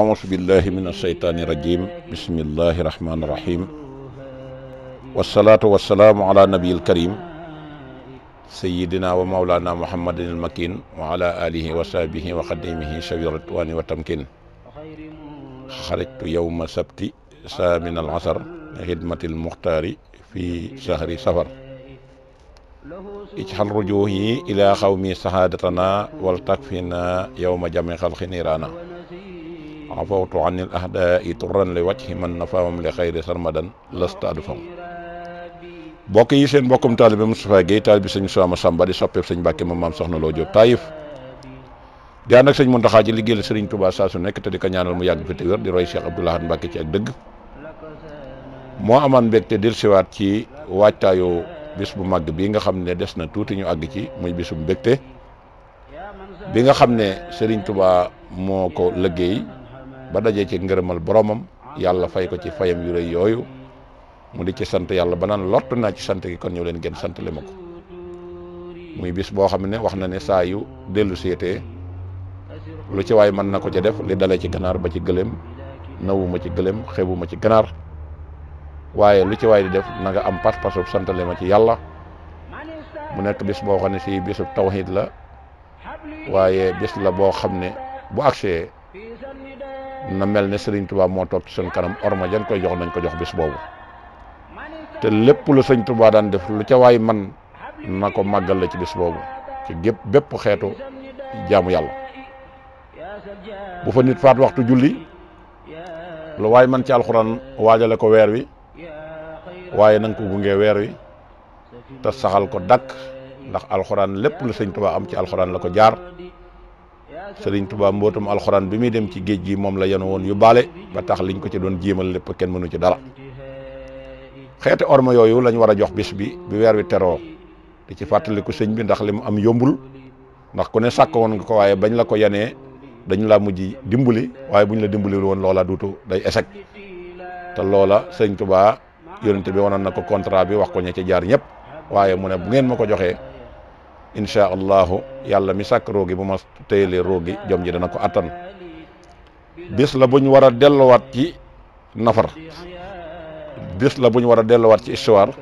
auusu billahi min alsheytaani irajim bismillahi irahmani irahim wassalaatu wassalaamu ala nabiil karim sayidina wa maolana muhammadin almakin wa ala alihi wa sahbihi wa xadimihi sawi ritwaani wa tamkin xarajtu yowma sabti saamin al asar li xidmati almuxtaari fi sahri safar ijxal rujuuhi ila xawmi sahadatana wal takfina yowma jami xalqi niiraana afawtu an il ahdaai turran li wajhi man nafaamam li xayri sarmadan lasta adfam bokk yi seen mbokkum taalibe Moustapha Guèye taalibe sëñ Sama Samba di soppeeb sëñ Mbàkke ma maam soxna Loo Jóob Taayif di ànd ak sëñ Muntaxaa ci liggéeyal sëriñ Touba saa su nekk te di ko ñaanal mu yàgg fi te wér di roy Cheikh Abdoul Ahad Mbàkke ci ak dëgg moo amaan mbégte dellusiwaat ci waajtaayu bis bu màgg bii nga xam ne des na tuuti ñu àgg ci muy bisum mbégte nga xam ne sëriñ Touba moo ko liggéey ba dajee ci ngërëmal boromam yàlla fay ko ci fayam yu rëy yooyu mu di ci sant yàlla ba naan lott naa ci sant gi kon ñëw leen gën sant li ma ko muy bis boo xam ne wax na ne saa yu dellu seetee lu ci waay mën na ko ca def li dalee ci ganaar ba ci gëléem nawuma ci gëléem xebuma ci ganaar waaye lu ci waay di def na nga am pas-pasub sant li ma ci yàlla mu nekk bis boo xam ne si bisub tawxiid la waaye bis la boo xam ne bu agsee na mel ne Serigne Touba moo toog ci suñ kanam orma jan koy jox nañ ko jox bis boobu te lépp lu sëñ Touba daan def lu ca waay man na ko màggal la ci bis boobu ci gépp bépp xeetu jaamu yàlla bu fa nit faat waxtu julli lu waay man ci alxuraan waajale ko weer wi waaye na nga ko gunge weer wi te saxal ko dàkk ndax alxuraan lépp lu sëñ Touba am ci alxuraan la ko jaar Sëriñ Tuubaa mbootum alxuraan bi muy dem ci géej gi moom la yenu woon yu baale ba tax liñ ko ci doon jéemal lépp kenn mënu ci dara xeeti orma yooyu lañ war a jox bis bi bi weer wi teroo di ci fàttaliku sëñ bi ndax li mu am yombul ndax ku ne sàkk woon nga ko waaye bañ la ko yenee dañ la mujj dimbali waaye buñ la dimbali woon loola dutu day échec te loola sëñ Tuubaa yonent bi wanoon na ko contrat bi wax ko ña ci jaar ñëpp waaye mu ne bu ngeen ma ko joxee incha allahu yàlla mi sàkk roogi bu ma téyelee roogi jom ji dana ko attan bis la buñ war a delluwaat ci nafar bis la buñ war a delluwaat ci histoire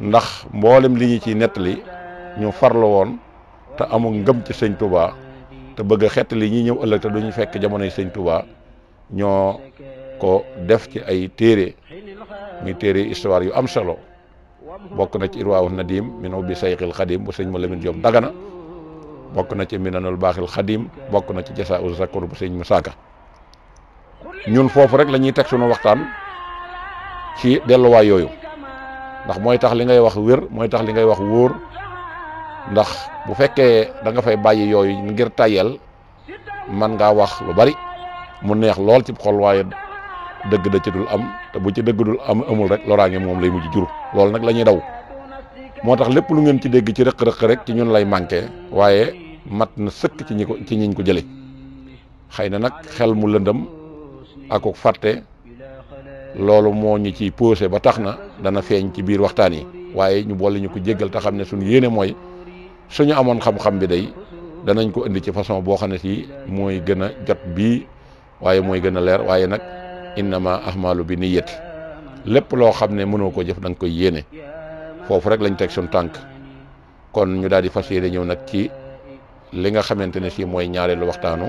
ndax mboolem li ñu ciy nettali ñu farlu woon te amul ngëm ci sëñ Touba te bëgg a xettali ñi ñëw ëllëg te duñu fekk jamonoy sëñ Touba ñoo ko def ci ay téere muy téere histoire yu am solo. bokk na ci na irwaawu nadim minu bi sayxil xadim bu sëñ ma lamin Jóob dagana bokk na ci minanul baaxil xadim bokk na ci jasa u zakur bu sëñ mu saaka ñun foofu rek la ñuy teg sunu waxtaan ci delluwaay yooyu ndax mooy tax li ngay wax wér mooy tax li ngay wax wóor ndax bu fekkee da nga fay bàyyi yooyu ngir tayel man ngaa wax lu bari mu neex lool ci xol waaye dëgg da ci dul am te bu ci dëgg dul am amul rek loraange moom lay mujj jur loolu nag la ñuy daw moo tax lépp lu ngeen ci dégg ci rëq-rëq rek ci ñun lay manqué waaye mat na sëkk ci ñi ko ci ñiñ ko jële xëy na nag xel mu lëndëm akuk fàtte loolu moo ñu ciy posé ba tax na dana feeñ ci biir waxtaan yi waaye ñu boole ñu ko jéggal te xam ne suñu yéene mooy suñu amoon xam-xam bi day danañ ko indi ci façon boo xam ne si mooy gën a jot bii waaye mooy gën a leer waaye nag innama ahmalu bi niyyat lépp loo xam ne mënoo ko jëf da nga koy yéene foofu rek lañ teg suñ tànk kon ñu daal di fas yéene ñëw nag ci li nga xamante ne si mooy ñaareelu waxtaanu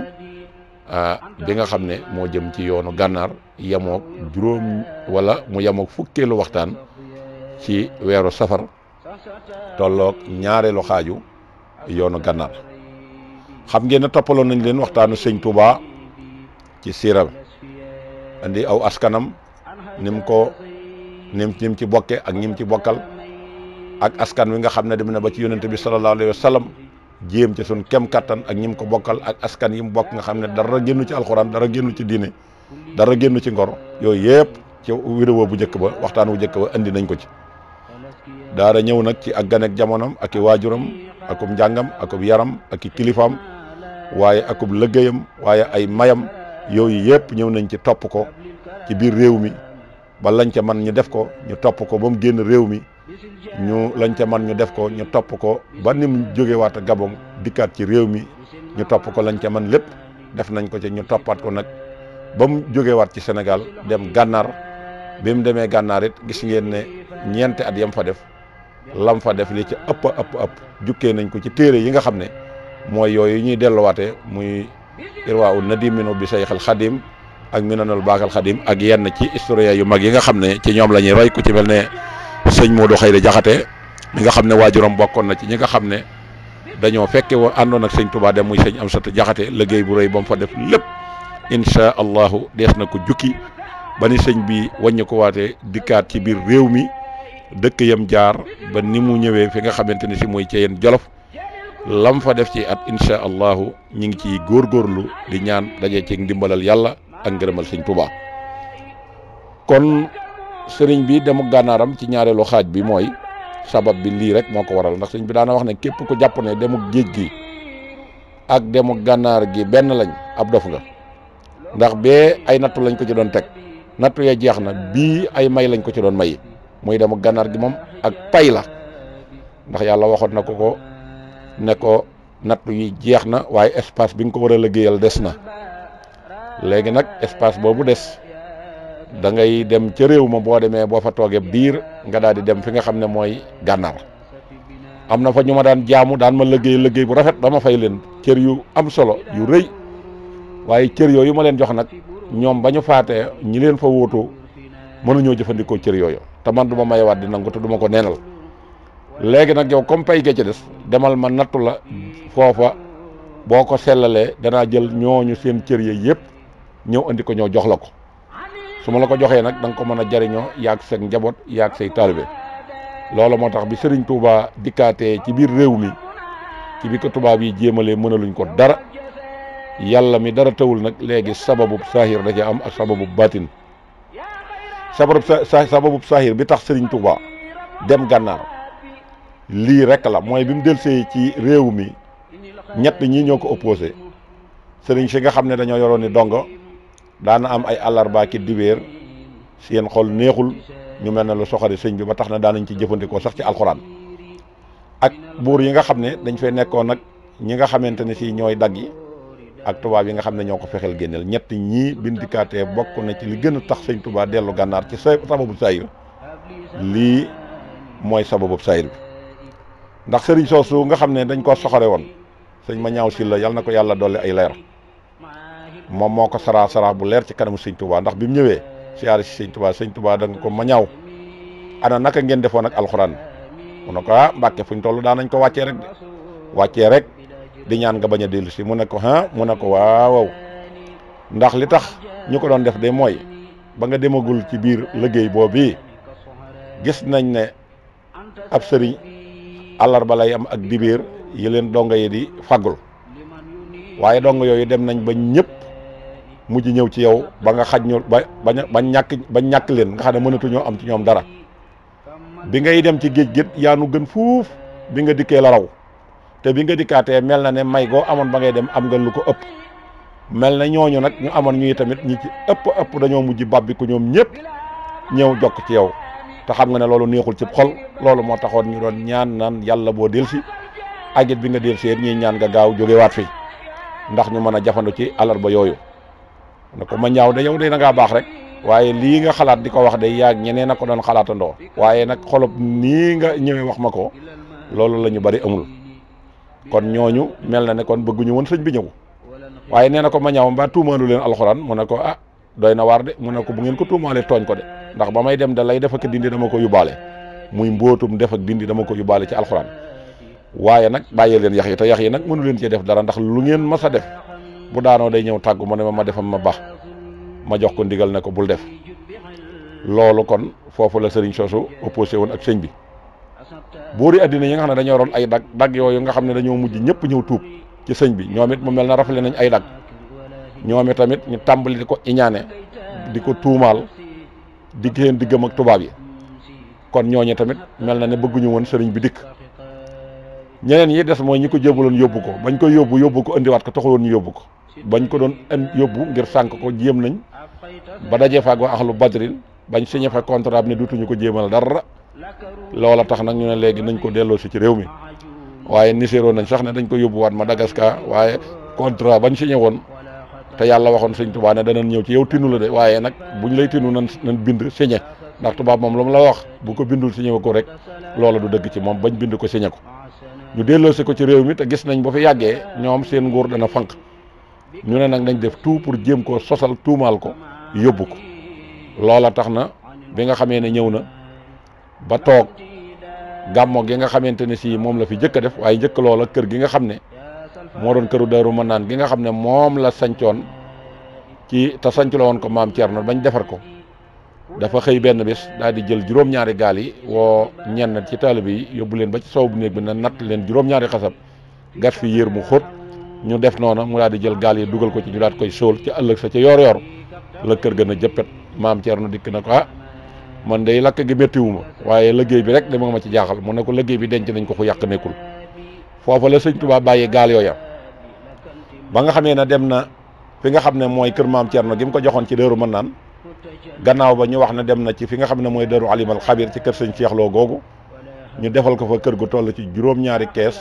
ah, bi nga xam ne moo jëm ci yoonu gànnaar yemook juróom wala mu yemook fukkeelu waxtaan ci weeru safar tolloog ñaareelu xaaju yoonu gànnaar xam ngeen ne toppaloon nañ leen waxtaanu sëñ Touba ci siira andi aw askanam nim ko nim nim ci bokke ak ñim ci bokkal ak askan wi nga xam ne dem na ba ci yonente bi sallallahu alayhi wa sallam jéem ci sun kem kattan ak ñim ko bokkal ak askan yi mu bokk nga xam ne dara génnu ci alxuraan dara génnu ci diine dara génnu ci ngor yooyu yëpp ci vidéo bu njëkk ba waxtaan wu njëkk ba andi nañ ko ci daara ñëw nag ci ak ganek jamonam ak i waajuram akub njàngam akub yaram ak i kilifaam waaye akub lëggéeyam waaye ay mayam yooyu yëpp ñëw nañ ci topp ko ci biir réew mi ba lañ ca man ñu def ko ñu topp ko ba mu génn réew mi ñu lañ ca man ñu def ko ñu topp ko ba ni mu jóge waat Gabon dikkaat ci réew mi ñu topp ko lañ ca man lépp def nañ ko ci ñu toppaat ko nag ba mu jóge waat ci Sénégal dem gànnaar bi demee gànnaar it gis ngeen ne ñeenti at yam fa def lam fa def li ci ëpp ëpp ëpp jukkee nañ ko ci téere yi nga xam ne mooy yooyu ñuy delluwaatee muy irwaa un nadiminu bi sayxal xadim ak minanul baakal xadim ak yenn ci historien yu mag yi nga xam ne ci ñoom la ñuy roy ku ci mel ne sëñ Modou Xayri Jaxate mi nga xam ne waajuram bokkoon na ci ñi nga xam ne dañoo fekke woon àndoon ak sëñ Touba dem muy sëñ Amsatu Jaxate liggéey bu rëy ba mu fa def lépp inchaa allahu dees na ko jukki ba ni sëñ bi wàññi ko waatee dikkaat ci biir réew mi dëkk yam jaar ba ni mu ñëwee fi nga xamante ni si mooy ci yeen Jolof lam fa def ci at incha allahu ñu ngi ciy góorlu di ñaan daje ci ndimbalal yàlla ak ngërëmal sëñ Tuubaa kon sëriñ bi demu gànnaaram ci ñaareelu xaaj bi mooy sabab bi lii rek moo ko waral ndax sëñ bi daana wax ne képp ko jàpp ne demu géej gi ak demu gànnaar gi benn lañ ab dof nga ndax bee ay nattu lañ ko ci doon teg nattu ya jeex na bii ay may lañ ko ci doon mayi muy demu gannaar gi moom ak pay la ndax yàlla waxoon na ko ko ne ko natt yi jeex na waaye espace bi nga ko war a liggéeyal des na léegi nag espace boobu des dangay dem ca réew boo demee boo fa toogee biir nga daal di dem fi nga xam ne mooy gànnaar am na fa ñu ma daan jaamu daan ma liggéey liggéey bu rafet ba ma fay leen cër yu am solo yu rëy waaye cër yu ma leen jox nag ñoom ba ñu faatee ñi leen fa mën wóotu mënuñoo jëfandikoo cër yooyu te man du ma mayewaat di nangu te du ma ko neenal léegi nag yow comme pay ga ci des demal ma nattu la foofa boo ko sellalee danaa jël ñooñu seen cër yooyu yëpp ñëw andi ko ñoo jox la ko su ma la ko joxee nag da ko mën a jariñoo yaag sek njaboot yaag say taalibe loolu moo tax bi Serigne Touba dikkaatee ci biir réew mi ci bi ko tubaab yi jéemalee mënaluñ ko dara yàlla mi dara tëwul nag léegi sababu saahir da ci am ak sababu baatin sababu saahir bi tax Serigne Touba dem gànnaar. lii rek la mooy bi mu delsee ci réew mi ñett ñii ñoo ko opposé sëriñ si nga xam ne dañoo yoroon ni dongo daana am ay àllarba ki si seen xol neexul ñu mel ne lu soxari sëñ bi ba tax na daanañ ci jëfandikoo sax ci alxuraan ak buur yi nga xam ne dañ fay nekkoon nag ñi nga xamante ne si ñooy dagg ak tubaab yi nga xam ne ñoo ko fexeel génneel ñetti ñii bindikaatee bokk na ci li gën a tax sëñ Tuubaa dellu gànnaar ci sababu sayir lii mooy sababu sayir bi ndax sëriñ soosu nga xam ne dañ koo soxore woon sëñ ma ñaaw si yal na ko yàlla doole ay leer moom moo ko saraa saraa bu leer ci kanamu sëñ Touba ndax bi mu ñëwee siyaare si sëñ Touba sëñ Touba da ko ma ñaaw ana naka ngeen defoon ak alxuraan mu ne ko ah mbàkke fu ñu toll daan nañ ko wàccee rek wàccee rek di ñaan nga bañ a dellu si mu ne ko ah mu ne ko waaw ndax li tax ñu ko doon def de mooy ba nga demagul ci biir liggéey boobu gis nañ ne ab sëriñ. àllarba lay am ak dibeer yi leen donga yi di fagul waaye donga yooyu dem nañ ba ñëpp mujj ñëw ci yow ba nga xaj ñu ba ba ñàkk ba ñàkk leen nga xam ne mënatuñoo am ci ñoom dara bi ngay dem ci géej géej yaanu gën fuuf bi nga dikkee la raw te bi nga dikkaatee mel na ne may goo amoon ba ngay dem am nga lu ko ëpp mel na ñooñu nag ñu amoon ñuy tamit ñi ci ëpp ëpp dañoo mujj bàbbi ñoom ñëpp ñëw jokk ci yow te xam nga ne loolu neexul cib xol loolu moo taxoon ñu doon ñaan naan yàlla boo delsi agit bi nga delsi ñuy ñaan nga gaaw jógewaat fii ndax ñu mën a jafandu ci alarba yooyu ne ko ma ñaaw de yow de da baax rek waaye lii nga xalaat di ko wax de yaag ñeneen a ko doon xalaatandoo waaye nag xolob nii nga ñëwe wax ma ko loolu la ñu bari amul kon ñooñu mel na ne kon bëgguñu woon sëñ bi ñëw waaye nee na ko ma ñaaw mbaa tuumaalu leen alxuraan mu ne ko ah doy na waar de ko bu ngeen ko tuumaalee tooñ ko de ndax ba may dem da lay def ak dindi dama ko yóbbaale muy mbootum def ak dindi dama ko yóbbaale ci alxuraan waaye nag bàyyee leen yax yi te yax yi nag mënu leen cee def dara ndax lu ngeen mas a def bu daanoo day ñëw tàggu ma ne ma defam ma baax ma jox ko ndigal ne ko bul def loolu kon foofu la sëriñ soosu opposé woon ak sëñ bi boo di addina yi nga xam ne dañoo doon ay dag dag yooyu nga xam ne dañoo mujj ñëpp ñëw tuub ci sëñ bi ñoomit it mu mel na rafle nañ ay dag ñoom it tamit ñu tàmbali di ko iñaane di ko tuumaal diggéen diggam ak tubaab yi kon ñooñu tamit mel na ne bëgguñu woon sëriñ bi dikk ñeneen yi des mooy ñi ko jébaloon yóbbu ko bañ koy yóbbu yóbbu ko indiwaat ko taxuloon ñu yóbbu ko bañ ko doon ind yóbbu ngir sànk ko jéem nañ ba dajee faag waa axlu badrin bañ signé fa contrat bi ne duutuñu ko jéemal dara loola tax nag ñu ne léegi nañ ko delloo si ci réew mi waaye niséeroo nañ sax ne dañ ko yóbbuwaat Madagascar waaye contrat bañ signé woon te yàlla waxoon sëñ Tuubaa ne danañ ñëw ci yow tinu la de waaye nag bu buñ lay tinu nan nan bind signé ndax tubaab moom lu mu la wax bu ko bindul signé ko rek loola du dëgg ci moom bañ bind ko signé ko ñu delloosi ko ci réew mi te gis nañ boo fi yàggee ñoom seen nguur dana fanq ñu ne nag nañ def tout pour jéem koo sosal tuumaal ko yóbbu ko loola tax na bi nga xamee ne ñëw na ba toog gàmmo gi nga xamante ne sii moom la fi jëkk def waaye njëkk loola kër gi nga xam ne moo doon këru Daaru Manaan gi nga xam ne moom la sancoon ci te sanc la woon ko maam Thierno bañ defar ko dafa xëy benn bés daal di jël juróom-ñaari gaal yi woo ñenn ci taalibe yi yóbbu leen ba ci soow bu néeg bi na natt leen juróom-ñaari xasab gas fi yér mu xóot ñu def noona mu daal di jël gaal yi dugal ko ci ñu daat koy sóol ci ëllëg sa ca yoor yor la kër gën a jëppet maam Thierno dikk na ko ah man day lakk gi méttiwu ma waaye liggéey bi rek dama ma ci jaaxal mu ne ko liggéey bi denc nañ ko ku yàq foofa la sëñ Tuubaa bàyyi gaal yooya ba nga xamee ne dem na fi nga xam ne mooy kër maam Thierno gi mu ko joxoon ci dëru mën naan gannaaw ba ñu wax ne dem na ci fi nga xam ne mooy dëru alimal xabir ci kër sëñ Seexloo googu ñu defal ko fa kër gu toll ci juróom-ñaari kees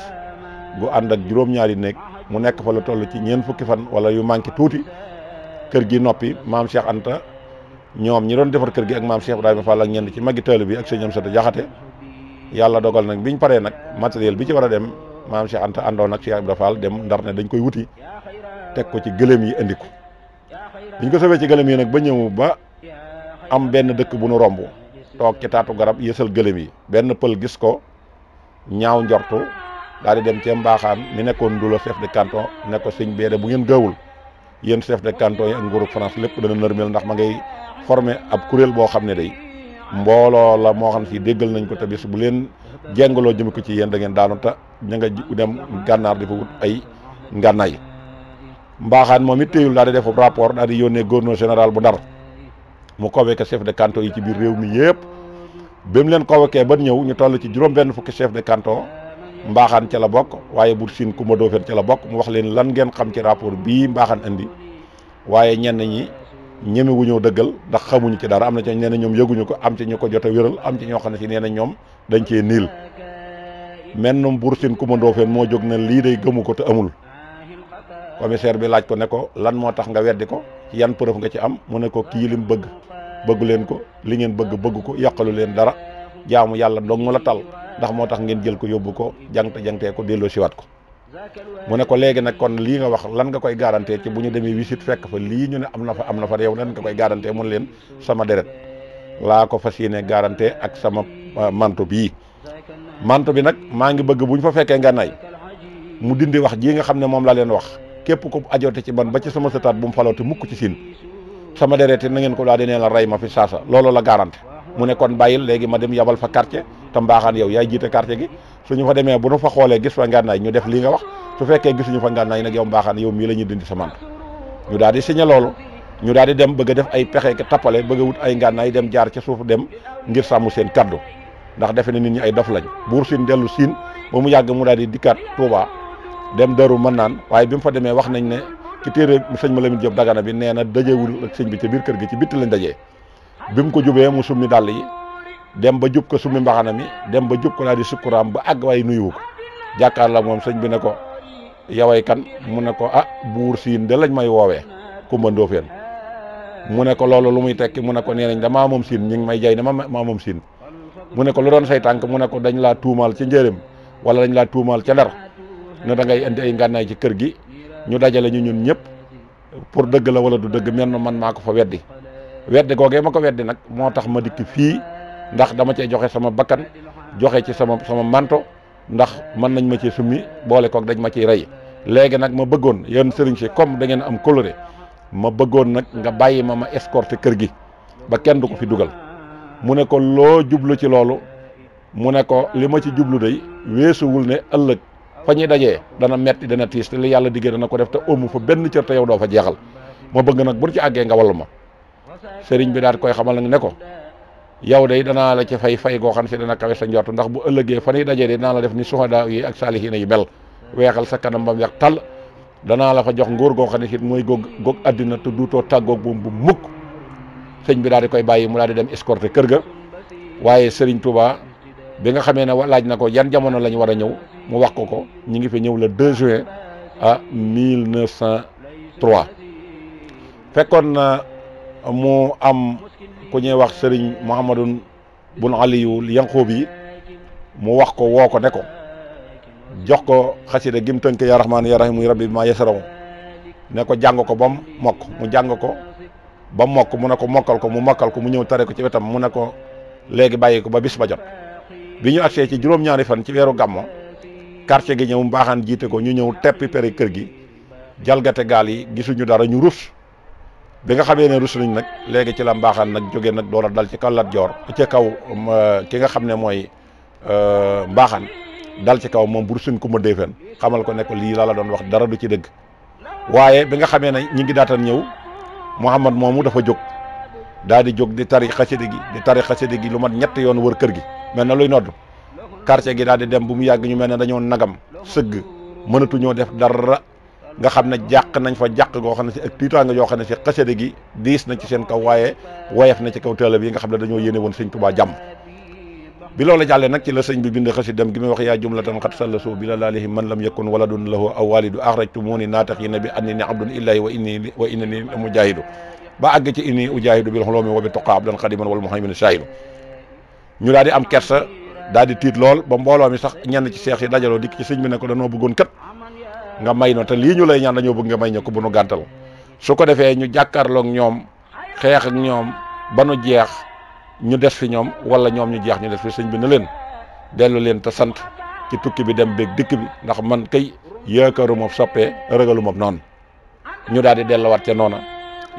gu ànd ak juróom-ñaari néeg mu nekk fa la toll ci ñeent fukki fan wala yu manqué tuuti kër gi noppi maam seex Anta ñoom ñi doon defar kër gi ak maam Cheikh Ibrahima Fall ak ci maggi tëll bi ak sëñ Amsatu Jaxate yàlla dogal nag biñ paree nag matériel bi ci war a dem maam Cheikh Anta àndoon ak Cheikh Ibra Fall dem ndar ne dañ koy wuti teg ko ci gëléem yi indi ko biñ ko sobee ci gëlëm yi nag ba ñëw ba am benn dëkk bu nu romb toog ci taatu garab yësal gëlëm yi benn pël gis ko ñaaw njortu daal di dem cee mbaaxaan mi nekkoon du la chef de canton ne ko sëñ beede bu ngeen gawul yéen chef de canton yi ak nguurug France lépp dana nërmeel ndax ma ngay formé ab kuréel boo xam ne day mbooloo la moo xam si déggal nañ ko te bu leen jengaloo jëme ko ci yéen da ngeen daanu ta ña nga dem gànnaar di fa ay ngànnaay mbaaxaan moom it téyul daal di def rapport daal di yónnee gouverneur général bu ndar mu convoqué chef de canton yi ci biir réew mi yëpp ba mu leen convoqué ba ñëw ñu toll ci juróom-benn fukki chef de kanto mbaaxaan ca la bokk waaye Bour Sine Coumba Ndoffène ca la bokk mu wax leen lan ngeen xam ci rapport bii mbaaxaan indi waaye ñenn ñi ñeme wu ñëw dëggal ndax xamuñu ci dara am na ci nee ñoom yëguñu ko am ci ñu ko jot a wéral am ci ñoo xam ne si nee na ñoom dañ cee niil mennum Buur Sine Kumba Ndoofeen moo jóg na lii day gëmu ko te amul commissaire bi laaj ko ne ko lan moo tax nga weddi ko yan preuve nga ci am mu ne ko kii lim bëgg bëggu leen ko li ngeen bëgg bëgg ko yàqalu leen dara jaamu yàlla dong la tal ndax moo tax ngeen jël ko yóbbu ko jangte jangtee ko delloo siwaat ko mu ne ko léegi nag kon lii nga wax lan nga koy garanté ci bu ñu demee visite fekk fa lii ñu ne am na fa am na fa yow lan nga koy garanté mun leen sama deret laa ko fas yéene garanté ak sama euh, manto bii mant bi nag maa ngi bëgg bu ñu fa fekkee ngànnaay mu dindi wax jii nga xam ne moom laa leen wax képp ku ajoote ci ban ba ci sama sëtaat bu mu faloote mukk ci siin sama dereet na ngeen ko daa dinee la rey ma fi saasa loolu la garanti mu ne kon bàyyil léegi ma dem yabal fa quartier te mbaaxaan yow yaay jiite quartier gi suñu fa demee bu nu fa xoolee gis fa ngànnaay ñu def lii nga wax su fekkee gisuñu fa ngànnaay nag yow mbaaxaan yow mii la ñuy dindi sa mant daal di signé loolu ñu daal di dem bëgg def ay pexe tappale bëgg a wut ay dem jaar ci suuf dem ngir sàmm seen kaddu ndax defe ne nit ñi ay dof lañ buur siin dellu siin ba mu yàgg mu daal di dikkaat Touba dem Darou mën naan waaye bi mu fa demee wax nañ ne ci téere sëñ ma Lamine Diop Dagana bi nee na dajewul sëñ bi ca biir kër gi ci bitti lañ dajee bi mu ko jubee mu summi dàll yi dem ba jub ko summi mbaxana mi dem ba jub ko daal di sukkuraam ba àgg way nuyuwu ko jàkkaar la moom sëñ bi ne ko yaway kan mu ne ko ah buur siin de lañ may woowee Kumba yen mu ne ko loolu lu muy tekki mu ne ko nee nañ damaa moom siin ñu ngi may jay ne ma maa moom siin mu ne ko lu doon say tànk mu ne ko dañ laa tuumaal ci njërim wala dañ laa tuumaal ca ndar ne da ngay indi ay ngànnaay ci kër gi ñu dajale ñu ñun ñëpp pour dëgg la wala du dëgg mel na man maa ko fa weddi weddi googee ma ko weddi nag moo tax ma dikk fii ndax dama cee joxe sama bakkan joxe ci sama sama manto ndax mën nañ ma ci summi boole koog dañ ma ciy rey léegi nag ma bëggoon yéen sëriñ si comme da ngeen am coloré ma bëggoon nag nga bàyyi ma ma escorté kër gi ba kenn du ko fi dugal mu ne loo jublu ci loolu mu ne ko li ma ci jublu day weesuwul ne ëllëg fa ñuy dajee dana metti dana tiis te li yàlla diggee dana ko def te ëmm fa benn cër te yow doo fa jeexal ma bëgg nag bu ci àggee nga wallu ma sëriñ bi daal koy xamal nag ne ko yow day danaa la ci fay fay goo xam si dana kawe sa njort ndax bu ëllëgee fa ñuy dajee de danaa la def ni suhadaa yi ak saalihiina yi mel weexal sa kanam ba mu weex tàll danaa la fa jox nguur goo xam ne si mooy goog góog àddina te duutoo tàggoog moom bu sëñ bi daal di koy bàyyi mu daal di dem escorté kër ga waaye Serigne Touba bi nga xamee ne laaj na ko yan jamono lañ war a ñëw mu wax ko ko ñu ngi fi ñëw le 2 juin à 1903 fekkoon na mu am ku ñuy wax Serigne Mouhamadou bun Aliyu Yanqoob yi mu wax ko woo ko nekko jox ko xasida gim tënk yaa rahmaan yaa rahiim muy rabbi bi maa yasaraw ne ko jàng ko bam mokk mu jàng ko. ba mokk mu ne ko mokkal ko mu mokkal ko mu ñëw tare ci wetam mu ne ko léegi bàyyi ko ba bis ba jot bi ñu agsee ci juróom-ñaari fan ci weeru gàmmo quartier gi ñëw mbaaxaan jiite ko ñu ñëw teppi pere kër gi jalgate gaal yi gisuñu dara ñu rus bi nga xamee ne rus nañ nag léegi ci la mbaaxaan nag jóge nag door dal ci kaw Lat um, kaw euh, ki nga xam ne mooy euh, mbaaxaan dal ci kaw moom bur suñ ku ma déefeen xamal ko ne lii laa la doon wax dara du ci dëgg waaye bi nga xamee ne ñi ngi daataan ñëw Mouhamad moomu dafa jóg daal di jóg di tari xasida gi di tari xasida gi lu mat ñett yoon war kër gi mel na luy nodd quartier gi daal di dem bu mu yàgg ñu mel ne dañoo nagam sëgg mënatuñoo def dara nga xam ne jàq nañ fa jàq goo xam ne si ak tiitaanga yoo xam ne si xasida gi diis na ci seen kaw waaye woyef na ci kaw taalib yi nga xam ne dañoo yéene woon Sëñ jàmm bi loola jàllee nag ci la sëñ bi bind xasidam gi muy wax yaa jumlatan xat sallasu bi la laalihi man lam yakun waladun lahu aw walidu axrajtu moo ni naataxina bi anni ni abdun illahi wa inni wa inni ni mujahidu ba àgg ci inni ujahidu bil xuloomi wa bi toqa abdan xadiman wal muhaymin shahidu ñu daal am kersa daal di tiit lool ba mbooloo mi sax ñenn ci seex yi dajaloo dikk ci sëñ bi ne ko danoo bëggoon kat nga may no te lii ñu lay ñaan dañoo bëgg nga may ñu ko bu nu gàntal su ko defee ñu jàkkaarloog ñoom xeex ak ñoom ba jeex ñu des fi ñoom wala ñoom ñu jeex ñu des fi sëñ bi na leen dellu leen te sant ci tukki bi dem beeg dikk bi ndax man kay yaakaaru moom soppee ragalu moom noonu ñu daal di delluwaat ca noona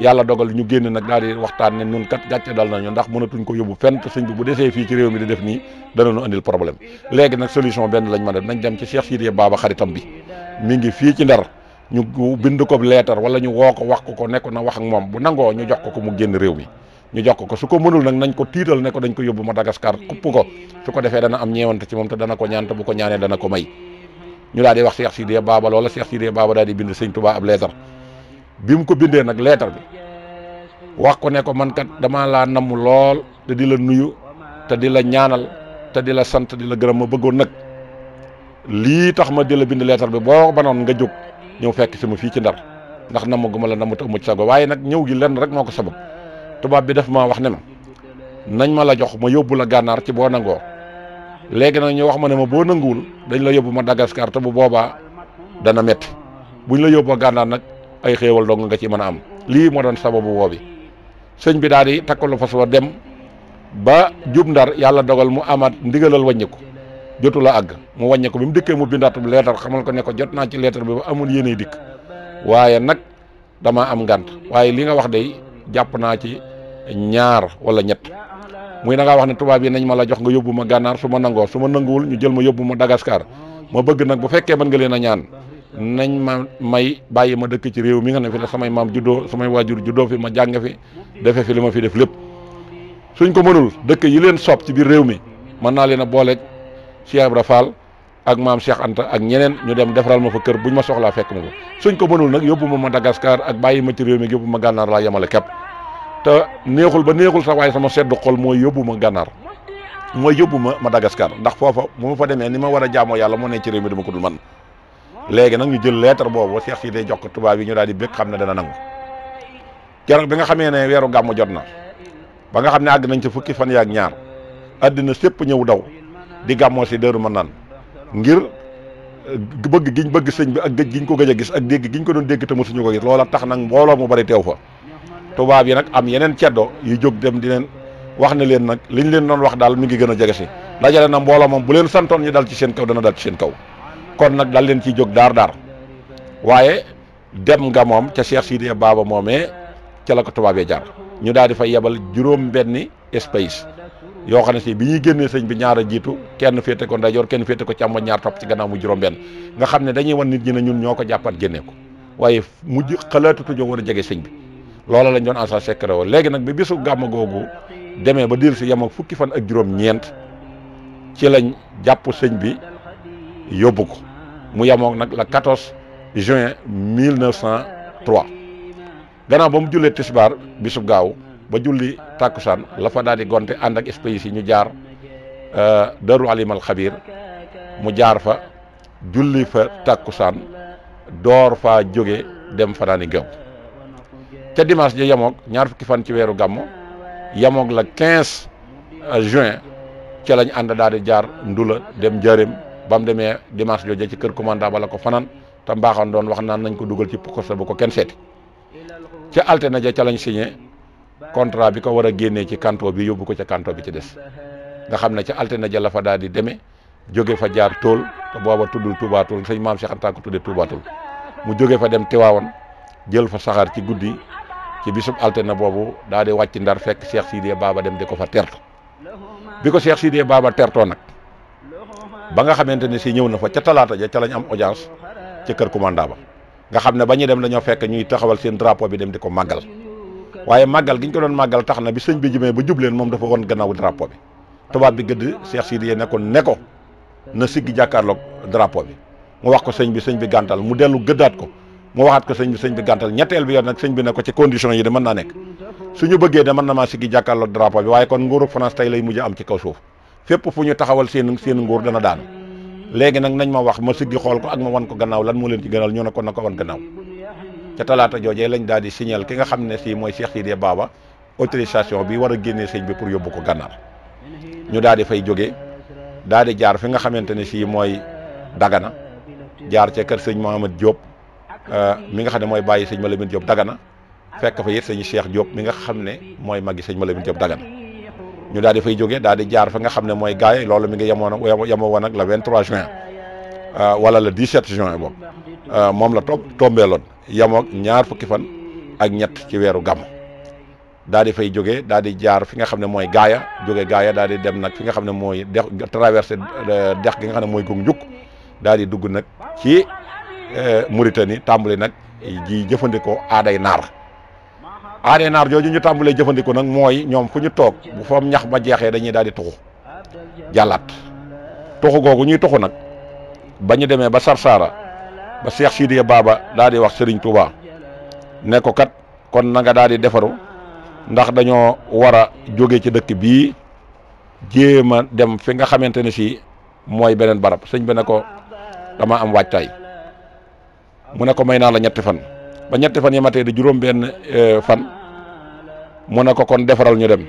yàlla dogal ñu génn nag daal di waxtaan ne nun kat gàcce dal nañu ndax mënatuñ ko yóbbu fent sëñ bi bu desee fii ci réew mi di def nii danañu andil problème léegi nag solution benn lañ mën a nañ dem ci Cheikh Sidiya baaba xaritam bi mi ngi fii ci Ndar ñu gu bind ko leetar wala ñu woo wax ko ko nekk na wax ak moom bu nangoo ñu jox ko ko mu génn réew mi ñu jox ko su ko mënul nag nañ ko tiital ne ko dañ ko yóbbu ma Madagascar xupp ko su ko defee dana am ñeewante ci moom te dana ko ñaan te bu ko ñaanee dana ko may ñu daal di wax Cheikh Sidé baaba loola Cheikh Sidé Baba daa di bind sëñ Touba ab leetar bii mu ko bindee nag leetar bi wax ko ne ko man kat dama laa namm lool te di la nuyu te di la ñaanal te di la sant di la gërëm ma bëggoon nag lii tax ma di la bind leetar bi boo banoon nga jóg ñëw fekk si ma fii ci ndar ndax namm gu ma la namm te amu ci sago waaye nag ñëw gi lenn rek moo ko sabab. tubaab bi daf ma wax ne ma nañ ma la jox ma yóbbu la gànnaar ci boo nangoo léegi nag ñu wax ma ne ma boo nanguwul dañ la yóbbu ma Madagascar te bu boobaa dana métti buñ la yóbbu gànnaar nag ay xéewal dong nga ci mën a am lii moo doon sababu woo bi sëñ bi daal di takkalu fas wa dem ba jub ndar yàlla dogal mu amaat ndigalal wàññiku jotu la àgg mu wàññi bi mu dikkee mu bindaat leetar xamal ko nekko jot naa ci leetar bi ba amul yéenay dikk waaye nag ñaar wala ñett muy da ngaa wax ne tubaab yi nañ ma la jox nga yóbbu ma gànnaar su ma nangoo su ma nanguwul ñu jël ma yóbbu ma Dagaskar ma bëgg nag bu fekkee mën nga leen a ñaan nañ ma may bàyyi ma dëkk ci réew mi nga ne fi la samay maam juddoo samay waajur juddoo fi ma jàng fi defe fi li ma fi def lépp suñ ko mënul dëkk yi leen soob ci biir réew mi mën naa leen a booleeg Cheikh Ibra Fall ak maam Cheikh Anta ak ñeneen ñu dem defaral ma fa kër buñ ma soxlaa fekk ma suñ ko mënul nag yóbbu ma ma Dagaskar ak bàyyi ma ci réew mi yóbbu ma gànnaar laa yemale képp te neexul ba neexul sax waaye sama seddu xol mooy yóbbu ma gànnaar mooy yóbbu ma Madagascar ndax foofa bu ma fa demee ni ma war a jaamoo yàlla moo ne ci réew mi dama ko dul man léegi nag ñu jël lettre boobu seex si day jox ko tubaab yi ñu daal di bëgg xam ne dana nangu keroog bi nga xamee ne weeru gàmmu jot na ba nga xam ne àgg nañ ci fukki fan yaak ñaar àddina sépp ñëw daw di gàmmoo si ma Manaan ngir eh, bëgg giñ bëgg sëñ bi ak gëj giñ ko gëj a gis ak dégg giñ doon dégg te mosuñu ko gis tax nag mbooloo mu bari teew fa tubaab yi nag am yeneen ceddo yu jóg dem di leen wax na leen nag liñ leen noon wax daal mu ngi gën a jege si dajale na mbooloo moom bu leen santoon ñu dal ci seen kaw dana dal ci seen kaw kon nag dal leen ciy jóg daar daar waaye dem nga moom ca Cheikh Sidiya Baba moomee ca la ko tubaab yi jaar ñu daal di fa yebal juróom benni espace yoo xam ne si bi ñuy génnee sëñ bi ñaar a jiitu kenn féete ko ndeyjoor kenn féete ko càmmoñ ñaar topp ci gannaaw mu juróom benn nga xam ne dañuy wan nit ñi ne ñun ñoo ko jàppaat génnee ko waaye mujj xalaatutu ñoo war a jege sëñ bi loola lañ doon asa secret woo léegi nag bi bisu gamma googu demee ba dellu si yem fukki fan ak juróom-ñeent ci lañ jàpp sëñ bi yóbbu ko mu yemoon nag la 14 juin 1903 gannaaw ba mu jullee tisbaar bisu gaaw ba julli tàkkusaan la fa daal gonte ànd ak espèces yi ñu jaar euh, Darou Alimal Xabiir mu jaar fa julli fa tàkkusaan door faa jóge dem fa fanaani geew ca dimanche ji yamoog ñaar fukki fan ci weeru gàmmu yamoog la 15 euh, juin ca lañ ànd daal di jaar ndula dem Njaaréem ba mu demee dimanche jooju ci kër commandant ba ko fanaan te mbaaxoon doon wax naan nañ ko dugal ci poste bu ko kenn seeti ca altine ja ca lañ signé contrat bi ko war a génnee ci canton bi yóbbu ko ca canton bi ci des nga xam ne ca altine ja la fa daal di demee jóge fa jaar tool te booba tuddul Touba Toul sëñ maam Cheikh Anta ko tuddee Touba mu jóge fa dem Tiwaawoon jël fa saxaar ci guddi ci bisub altine boobu daa di wàcc ndar fekk Cheikh Sidé baaba dem di ko fa tertu bi ko Cheikh Sidé baaba tertoo nag ba nga xamante ne si ñëw na fa ca talaata ja ca lañ am audience ci kër commandant ba nga xam ne ba ñuy dem dañoo fekk ñuy taxawal seen drapo bi dem di ko màggal waaye màggal gi ñu ko doon màggal tax na bi sëñ bi jëmee ba jub leen moom dafa won gannaaw drapeau bi tubaab bi gëdd Cheikh Sidé ne ko ne ko na siggi jàkkaarloog drapeau bi mu wax ko sëñ bi sëñ bi gàntal mu dellu gëddaat ko mu waxaat ko sëñ bi sëñ bi gàntal ñetteel bi yoon nag sëñ bi ne ko ci condition yi de mën naa nekk su ñu bëggee de mën na maa siggi jàkkaarloo drapeau bi waaye kon nguurug France tey lay mujj am ci kaw suuf fépp fu ñu taxawal seen seen nguur dana daanu léegi nag nañ ma wax ma siggi xool ko ak ma wan ko gannaaw lan moo leen ci gënal ñu ne ko na ko wan gannaaw ca talaata joojee lañ daal di siñel ki nga xam ne sii mooy Cheikh Sidé baaba autorisation bi war génnee sëñ bi pour yóbbu ko gànnaar ñu daal di fay jógee daal di jaar fi nga xamante ne si mooy Dagana jaar ca kër sëñ Mohamad Diop Euh, mi nga xam ne mooy bàyyi sëñ Malamine job Dagana fekk fa yit sëñ Cheikh Diop mi nga xam ne mooy màggi sëñ Malamine job Dagana ñu daal di fay jógee daal di jaar fa nga xam ne mooy gaay loolu mi ngi yemoon ak yemoo woon ak le 23 juin euh, wala le 17 juin boobu euh, moom la topp tombeeloon yemoog ñaar fukki fan ak ñett ci weeru gàmm daal di fay jógee daal di jaar fi nga xam ne mooy gaaya jóge gaaya daal di dem nag fi nga xam ne mooy dex traversé dex gi nga xam ne mooy gung njuk daal di dugg nag ci Eh, Mauritanie tàmbali nag ji jëfandikoo aaday naar aaday naar jooju ñu tàmbalee jëfandikoo nag mooy ñoom fu ñu toog bu fa ñax ma jeexee dañuy daal di tuxu jàllaat tuxu googu ñuy tuxu nag ba ñu demee ba Sarsara ba Cheikh Sidiya Baba daal di wax sëriñ Touba ne ko kat kon nanga nga daal di defaru ndax dañoo war a jóge ci dëkk bii jéem a dem fi nga xamante ne si mooy beneen barab sëñ bi ne ko dama am waajtaay mu ne may naa la ñetti fan ba ñetti fan yi matee di juróom benn eh, fan mu ne kon defaral ñu dem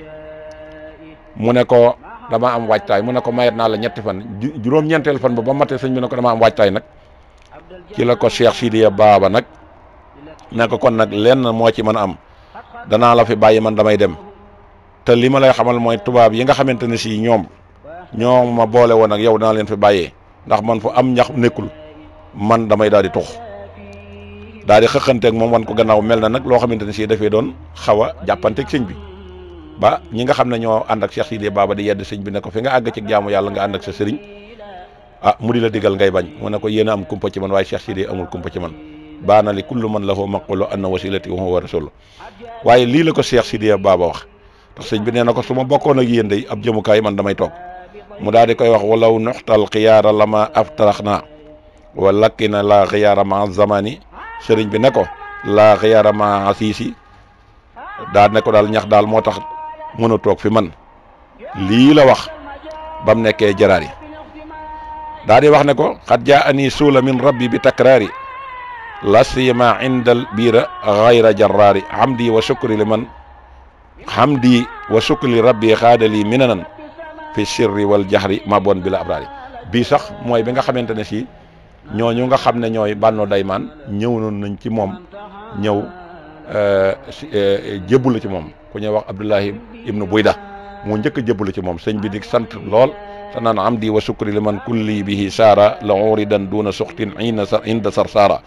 mu ne dama am waajtaay mu ne ko mayet naa la ñetti fan juróom-ñeenteel fan ba ba matee sëñ bi ne ko dama am waajtaay nag ci la ko Cheikh Sidiya Baba nag ne ko kon nag lenn moo ci mën a am danaa la fi bàyyi man damay dem te lii ma lay xamal mooy tubaab yi nga xamante ne si ñoom ñoom ma boole woon ak yow danaa leen fi bàyyee ndax man fu am ñax nekkul man damay daal di tux daal di xëqanteeg moom wan ko gannaaw mel na nag loo xamante ne si dafay doon xaw a jàppanteeg sëñ bi ba ñi nga xam ne ñoo ànd ak Cheikh Sidé Baba di yedd sëñ bi ne ko fi nga àgg ci jaamu yàlla nga ànd ak sa sëriñ ah mu di la digal ngay bañ mu ne ko yéen a am kumpa ci man waaye Cheikh Sidé amul kumpa ci man baana li kullu man lahu maqulu anna wasilati wa huwa rasulu waaye lii la ko Cheikh Sidé Baba wax ndax sëñ bi nee na ko su ma bokkoon ak yéen day ab jëmukaay man damay toog mu daal di koy wax walaw noxtal xiyaara lama aftarax naa wa lakkina la xiyaara ma zamani sëriñ bi ne ko laa xiyarama asiisi daa ne ko daal ñax daal moo tax mën a toog fi man lii la wax ba mu nekkee jaraar yi di wax ne ko xat jaa ani suula min rabbi bi takraari la sima indal biira xayra jaraari hamdi wa sukri li man hamdi wa sukri rabbi xaadali minanan fi sirri wal jahri ma bon bi la bii sax mooy bi nga xamante ne si ñooñu nga xam ne ñooy bànnoo daymaan ñëw noonu nañ ci moom ñëw euh, euh, jébbalu ci moom ku ñuy wax Abdullahi ibnu Buyda mu njëkk a ci moom sëñ bi di sant lool te naan am di wa sukri li man kulli bihi saara la uridan duuna suxtin inda sar saara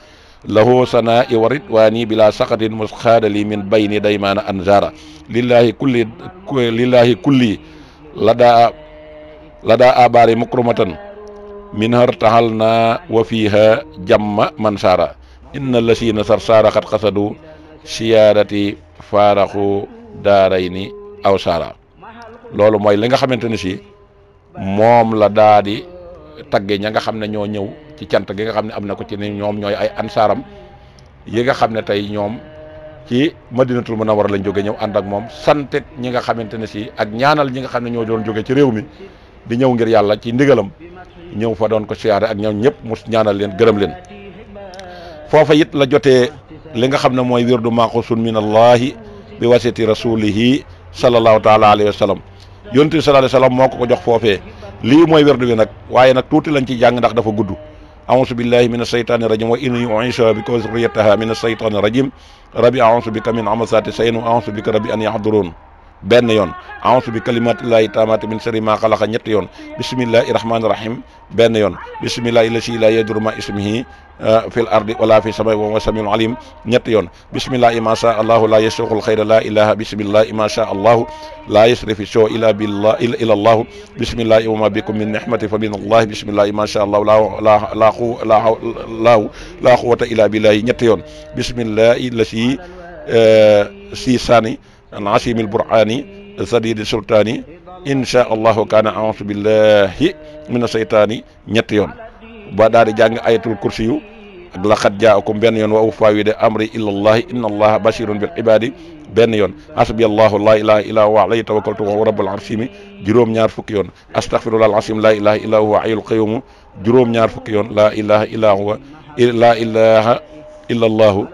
lahu sanaa i wa ridwaani bila saqatin musxaadali min bayni daymaana anzaara lillahi kulli lillahi kulli la daa la daa abaari min taxal na wa fiiha jamma man saara inna la siina sar saara xat xasadu siyaarati faaraxu daaray ni aw saara loolu mooy li nga xamante ne si moom la daadi di tagge ña nga xam ne ñoo ñëw ci cant gi nga xam ne am na ko ci ni ñoom ñooy ay ansaaram yi nga xam ne tey ñoom ci madinatul munawwara lañ jóge ñëw ànd ak moom sant ñi nga xamante ne si ak ñaanal ñi nga xam ne ñoo doon jóge ci réew mi di ñëw ngir yàlla ci ndigalam ñëw fa doon ko siyaare ak ñoom ñëpp mu ñaanal leen gërëm leen foofa it la jotee li nga xam ne mooy wirdu maaxusun min allahi bi wasiti rasulihi sallallahu taala alayhi wa sallam yonent bi sallallahu alayhi wa sallam moo ko ko jox foofee lii mooy wirdu bi nag waaye nag tuuti lañ ci jàng ndax dafa gudd ausu billahi min asheytani rajim wa inni uiisuha bika wa zurriyataha min asheytani rajim rabbi ausu bika min amasati sayin wa ausu bika rabbi an yahdurun benn yoon a'uuzu bi kalimatillahi taamati min sharri ma xalaqa ñetti yoon bismillahi rahmaani rahim benn yoon bismillahi lasi la yadurru ma ismihi uh, fil ardi wala fi samai wa huwa samiul alim ñetti yoon bismillahi ma sha allahu la yasriqul xayra la ilaha bismillahi ma sha allahu la yasrifi soo ila billah ila allahu bismillahi wa ma bikum min nihmati fa min allahi bismillahi ma sha allahu la la la la quwwata illa billahi ñetti yoon bismillahi lasi uh, si sani an asimil burhaani sadidi sultaani insha allahu kaana aousu billahi mina seytaani ñetti yoon ba daal di jàng ayatul kursi yu ak laqad jaakum benn yoon wa ufawwidu amri ilallahi inna allaha basirun bil ibadi benn yoon hasbi allahu laa ilaha illa huwa alayhi tawakkaltu wa huwa rabbul arshimi juróom-ñaar fukki yoon astaghfirullah al asim laa ilaha illa huwa hayyul qayyum juróom-ñaar fukki yoon laa ilaha illa huwa laa ilaha illa allahu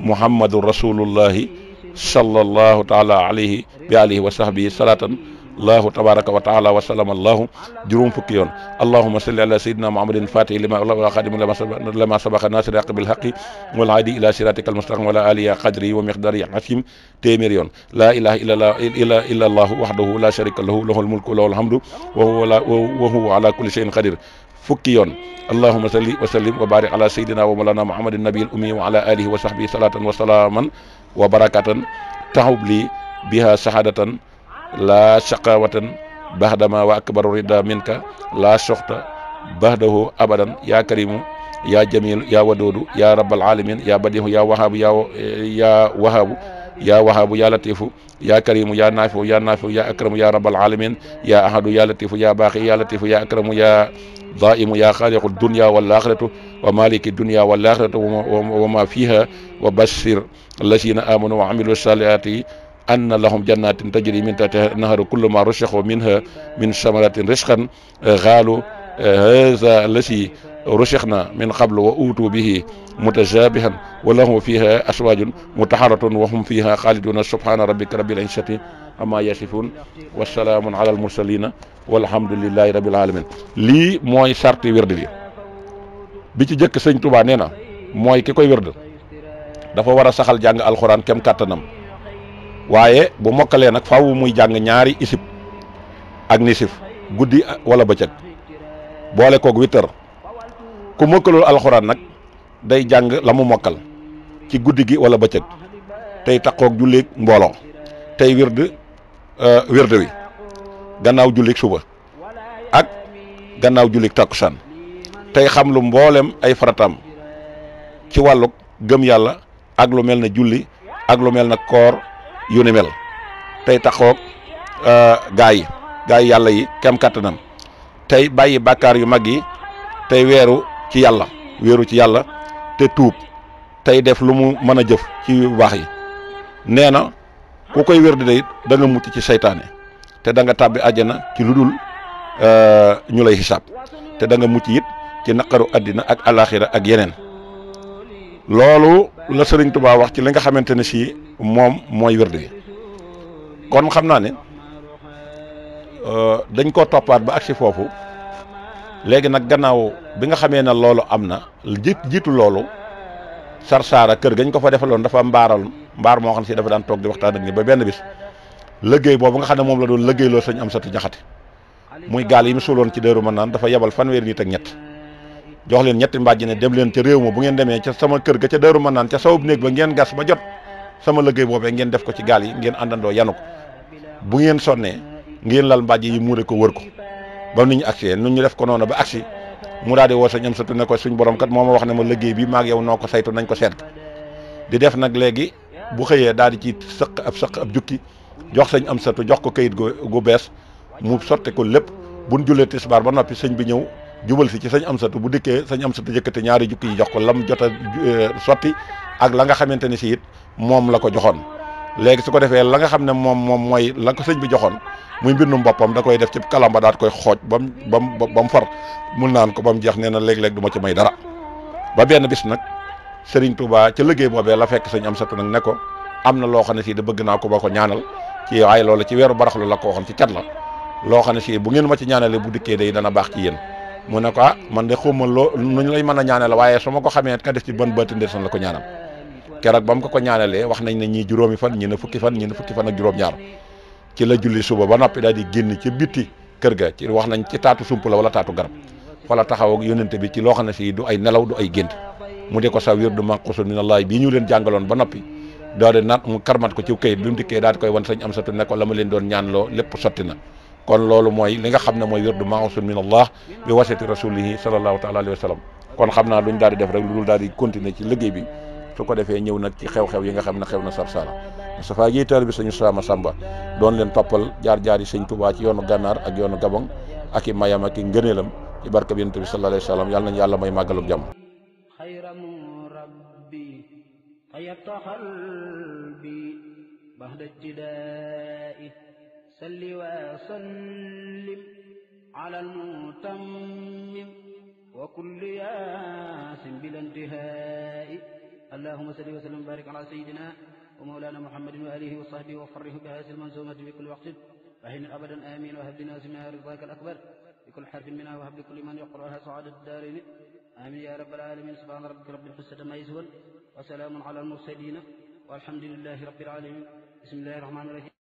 muhammadun rasulullahi sallallahu taala alayhi bi alihi wa sahbihi salatan allahu tabaraka wa taala wa salama allahu juróom fukki yoon allahuma salli ala sayidina muhammadin fatihi lima wa xadim lama sabaqa nasir haq bil haqi wal hadi ila siratika almustaqim wala aliya qadri wa miqdari asim téeméer yoon laa ilaha illa illa allahu wahdahu la sharika lahu lahul mulku wa lahul hamdu wa huwa ala kulli shay'in qadir fukki yoon allahuma salli wa sallim wa barik ala sayidina wa mawlana muhammadin nabiyil ummi wa ala alihi wa sahbihi salatan wa salaman wa barakatan taxub lii biha shahadatan laa shaqawatan baxdama wa akbaru rida minka laa soxta baxdahu abadan yaa karimu yaa jamilu yaa wadoodu yaa rabbal alamin yaa badihu yaa wahaabu yaa eh, yaa wahaabu yaa wahaabu yaa latifu yaa karimu yaa naafiu yaa naafiu yaa akramu yaa rabbal alamin yaa ahadu yaa latifu yaa baaqi yaa latifu yaa akramu yaa daimu yaa xaaliqu dunya wal axiratu wa maliki dunya wal axiratu wa ma fiha wa bassir allazina amanu wa amilu salihati anna lahum jannatin tajri min tahtiha naharu kullu ma rusiqu minha min samaratin risqan qaalu eh, eh, hadha allazi rushixna min qablu wa utu bihi mutajabihan wa lahum fiha aswajun mutaharatun wa hum fiha khaliduna subhana rabbika rabbil izzati amma yasifun wa salaamun ala al mursalina walhamdulillahi rabbil alamin lii mooy sarti wird bi bi ci jëkk sëñ Tuubaa nee na mooy ki koy wird dafa war a saxal jàng alxuraan kem kàttanam waaye bu mokkalee nag faaw muy jàng ñaari isib ak guddi wala bëccëg boole koog witër ku mokkalul alxuraan nag day jàng lamu mokkal ci guddi gi wala bëccëg tey taqoog julleeg mbooloo tey wird euh, wird wi gannaaw julleeg suba ak gannaaw julleeg takkusaan tey xam lu mboolem ay farataam ci wàllu gëm yàlla ak lu mel na julli ak lu mel na koor yu ni mel tey taxoog euh, gaa yi gaa yàlla yi kem kattanam tey bàyyi bàkkaar yu mag yi tey weeru ci yàlla wéeru ci yàlla te tuub tey def lu mu mën a jëf ci baax yi nee na ku koy wér di it mucc ci seytaane te da nga tàbbi àjjana ci lu dul euh, ñu lay xisaab te danga mucc yit ci naqaru àddina ak alaxira ak yeneen loolu la Sëriñ Tuubaa wax ci li nga xamante ne si moom mooy wér kon xam naa ne euh, dañ koo toppaat ba agsi foofu léegi nag gannaaw bi nga xamee ne loolu am na jiit jiitu loolu Sarsara kër gañ ko fa defaloon dafa mbaaral mbaar moo xam ne si dafa daan toog di waxtaan ak ni ba benn bis liggéey boobu nga xam ne moom la doon liggéey loolu sëñ Amsatu Jaxate muy gaal yi mu suuloon ci déeru mën naan dafa yebal fanweeri nit ak ñett jox leen ñetti mbàjj ne dem leen ca réew ma bu ngeen demee ca sama kër ga ca déeru mën naan ca sawub néeg ba ngeen gas ba jot sama liggéey boobee ngeen def ko ci gaal yi ngeen àndandoo yanu ko bu ngeen sonnee ngeen lal mbàjj yi muure ko wër ko ba nu ñu agsi nu ñu def ko noonu ba agsi mu daal di woo sa ñam satu ne ko suñ borom kat moo ma wax ne ma liggéey bi maag yow noo ko saytu nañ ko seet di def nag léegi bu xëyee daal di ci sëq ab sëq ab jukki jox sañ am satu jox ko kayit gu gu bees mu sotte ko lépp buñ jullee tisbaar ba noppi sëñ bi ñëw jubal si ci sañ am satu bu dikkee sañ am satu yëkkati ñaari jukki yi jox ko lam jota eh, sotti ak la nga xamante ni si it moom la ko joxoon léegi su ko defee la nga xam ne moom moom mooy la ko sëñ bi joxoon muy mbindum boppam da koy def ci kalamba daat koy xooj ba mu ba mu ba mu far mun naan ko ba mu jeex nee na léeg-léeg du ma ci may dara ba benn bis nag Serigne Touba ca liggéey boobee la fekk sëñ Amsatu nag ne ko am na loo xam ne si da bëgg naa ko ba ko ñaanal ci ay loolu ci weeru baraxlu la ko waxoon ci cat la loo xam ne si bu ngeen ma ci ñaanalee bu dikkee day dana baax ci yéen mu ne ko ah man de xawma loo nuñ a ko xamee nga def ci ban la ko ñaanal keroog ba mu ko ko ñaanalee wax nañ ne ñii juróomi fan ñi ne fukki fan ñi ne fukki fan ak juróom-ñaar ci la julli suba ba noppi daal di génn ci bitti kër ga ci wax nañ ci taatu sump la wala taatu garab wala taxaw ak yónnente bi ci loo xam ne si du ay nelaw du ay gént mu di ko sa wirdu manqusun min bii ñu leen jàngaloon ba noppi daal di ko ci kayit bi koy wan sañ am satu ne ko la ma leen doon ñaan loo lépp na kon loolu mooy li nga xam ne mooy wirdu manqusun min allah bi wasati rasulihi sallallahu taala alayhi wa sallam kon xam naa duñ daal di def rek lu dul daal di continuer ci liggéey bi su ko defee ñëw nag ci xew-xew yi nga xam ne xew na Sarsara Moustapha Guèye taalibe Sëñ Sama Samba doon leen toppal jaar-jaar yi Sëñ Touba ci yoonu Gànnaar ak yoonu Gabon ak i mayam ak i ngëneelam ci barke bi Yonent bi sallallahu alayhi wa sallam yàlla nañu yàlla may màggalu jàmm طيبت قلبي بعد ابتدائي سل وسلم على المتمم وكل ياس بلا انتهاء اللهم صل وسلم وبارك على سيدنا ومولانا محمد وآله وصحبه وفره بهذه المنظومة بكل وقت وحين أبدا آمين وهب لنا سمها رضاك الأكبر بكل حرف منها وهب لكل من يقرأها سعادة الدارين آمين يا رب العالمين سبحان ربك رب العزة ما يسول وسلام على المرسلين والحمد لله رب العالمين بسم الله الرحمن الرحيم